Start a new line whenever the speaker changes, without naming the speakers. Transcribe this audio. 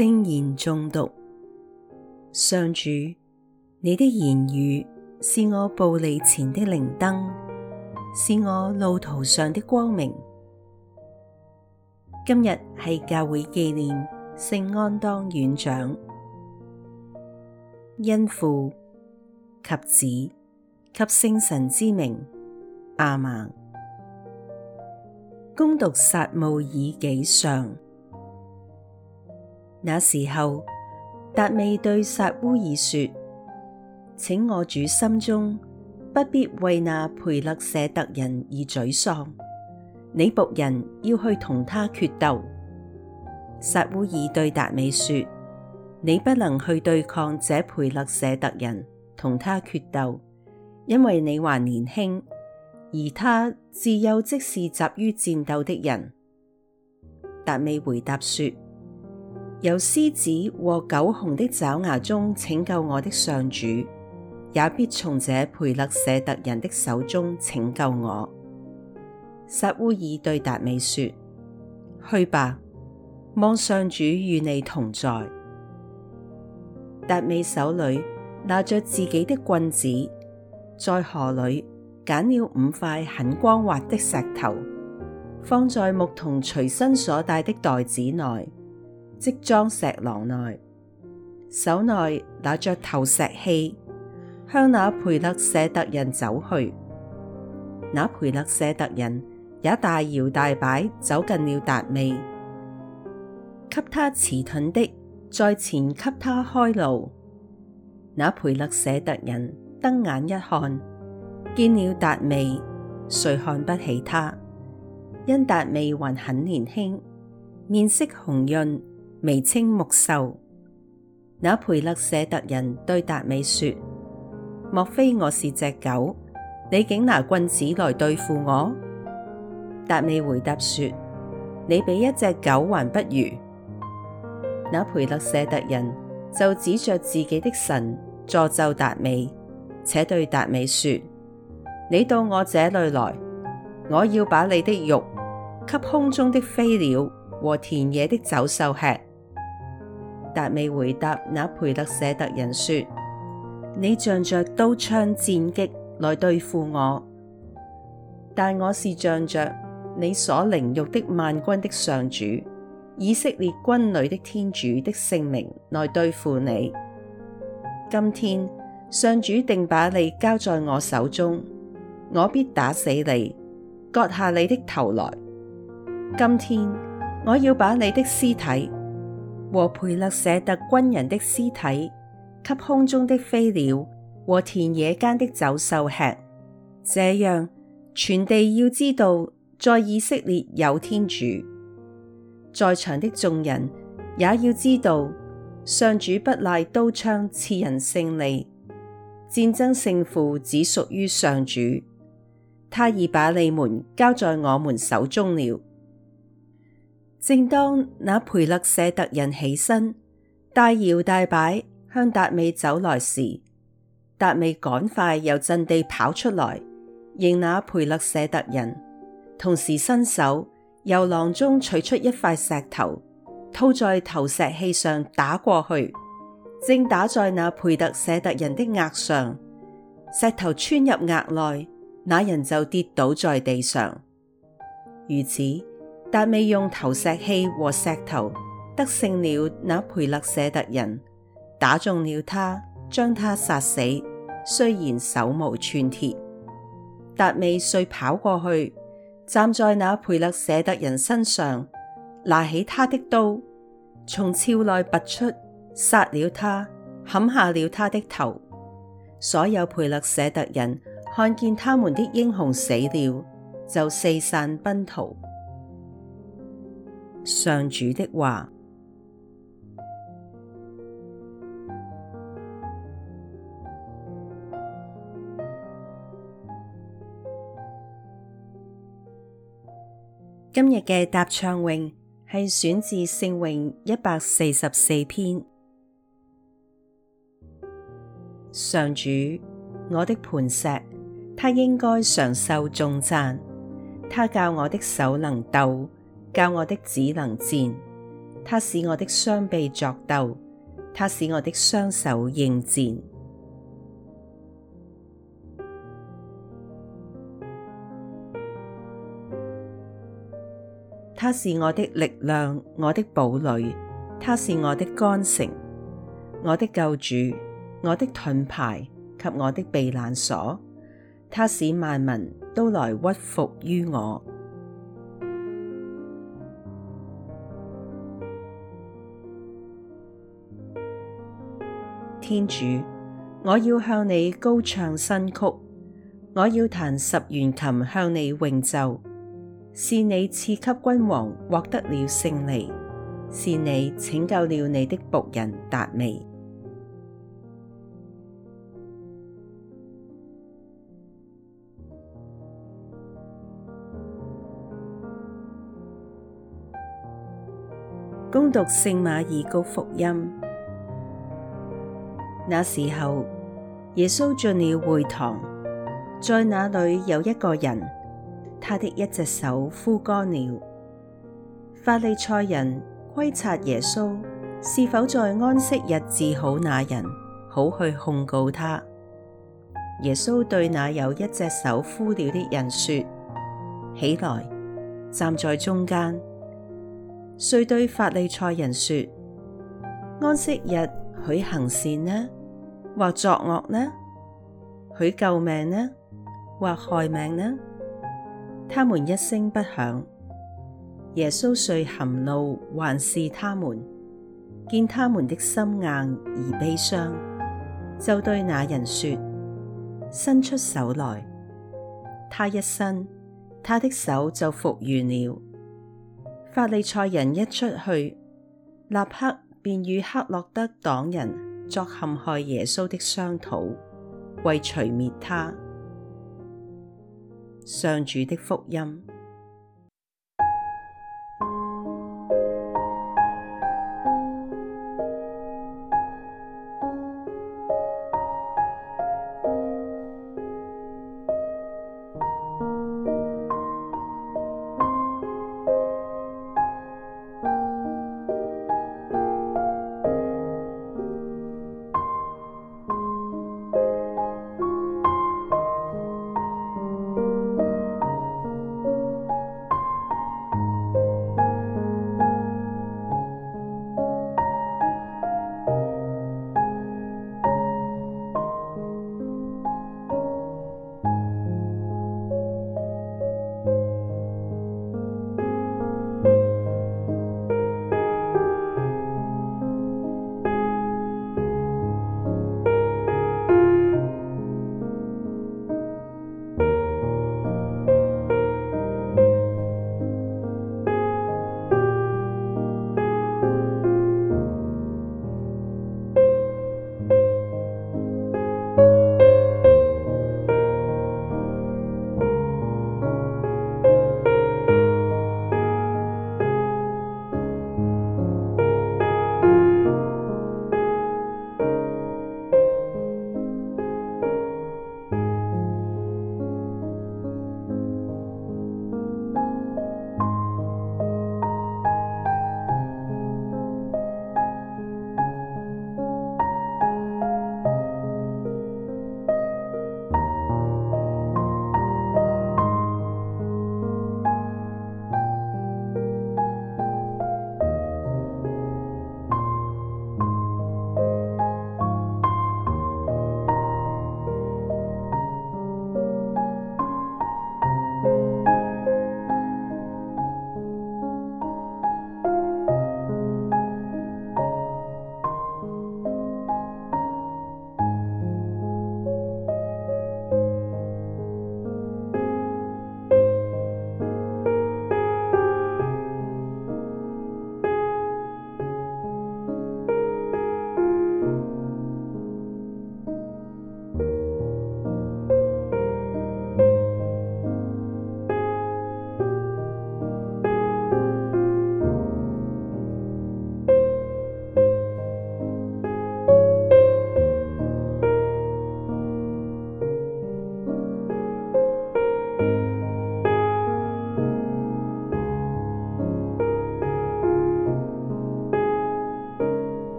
聖言誦讀。上主，你的言語是我步履前的靈燈，是我路途上的光明。今日係教會紀念聖安當院長，因父及子及聖神之名，阿們。恭讀撒慕爾紀上。那時候，達味對撒烏耳說：請我主心中不必為那培肋舍特人而沮喪。你僕人要去同他決鬥。撒烏耳對達味說：你不能去對抗這培肋舍特人同他決鬥，因為你還年輕，而他自幼即是習於戰鬥的人。達味回答說。由獅子和狗熊的爪牙中拯救我的上主，也必從這培肋舍特人的手中拯救我。撒烏耳對達味說：去吧，望上主與你同在。達味手裏拿着自己的棍子，在河裏揀了五塊很光滑的石頭，放在牧童隨身所帶的袋子內。即裝石囊內，手內拿着投石器，向那培肋舍特人走去。那培肋舍特人也大搖大擺走近了達味，給他持盾的在前給他開路。那培肋舍特人瞪眼一看，見了達味，遂看不起他，因達味還很年輕，面色紅潤。眉清目秀，那培肋舍特人對達味說：莫非我是隻狗？你竟拿棍子來對付我？達味回答說：你比一隻狗還不如。那培肋舍特人就指着自己的神詛咒達味，且對達味說：你到我這裏來，我要把你的肉給空中的飛鳥和田野的走獸吃。達味回答那培肋舍特人說：你仗着刀槍箭戟來對付我，但我是仗着你所凌辱的萬軍的上主，以色列軍旅的天主的聖名來對付你。今天上主定把你交在我手中，我必打死你，割下你的頭來。今天我要把你的屍體。和培勒舍特軍人的屍體，給空中的飛鳥和田野間的走獸吃。這樣全地要知道，在以色列有天主；在場的眾人也要知道，上主不賴刀槍賜人勝利，戰爭勝負只屬於上主。他已把你們交在我們手中了。正當那培勒舍特人起身大搖大擺向達味走來時，達味趕快由陣地跑出來，迎那培勒舍特人，同時伸手由囊中取出一塊石頭，套在投石器上打過去，正打在那培勒舍特人的額上，石頭穿入額內，那人就跌倒在地上。如此。達味用投石器和石頭，得勝了那培肋舍特人，打中了他，將他殺死。雖然手無寸鐵，達味遂跑過去，站在那培肋舍特人身上，拿起他的刀，從鞘內拔出，殺了他，砍下了他的頭。所有培肋舍特人看見他們的英雄死了，就四散奔逃。上主的話，今日嘅答唱詠係選自聖詠一百四十四篇。上主，我的磐石，他應該常受頌讚，他教我的手能鬥。教我的指能戰，他使我的雙臂作鬥，他使我的雙手應戰。他是我的力量，我的堡壘，他是我的干城，我的救主，我的盾牌及我的避難所。他使萬民都來屈服於我。天主，我要向你高唱新曲，我要彈十絃琴向你詠奏。是你賜給君王獲得了勝利，是你拯救了你的僕人達味。恭 讀聖馬爾谷福音。那時候，耶穌進了會堂，在那裏有一個人，他的一隻手枯乾了。法利賽人窺察耶穌是否在安息日治好那人，好去控告他。耶穌對那有一隻手枯了的人說：起來，站在中間。遂對法利賽人說：安息日許行善呢？或作惡呢？許救命呢？或害命呢？他們一聲不響，耶穌遂含怒環視他們，見他們的心硬而悲傷，就對那人說：伸出手來。他一伸，他的手就復原了。法利賽人一出去，立刻便與黑落德黨人，作陷害耶穌的商討，為除滅他，上主的福音。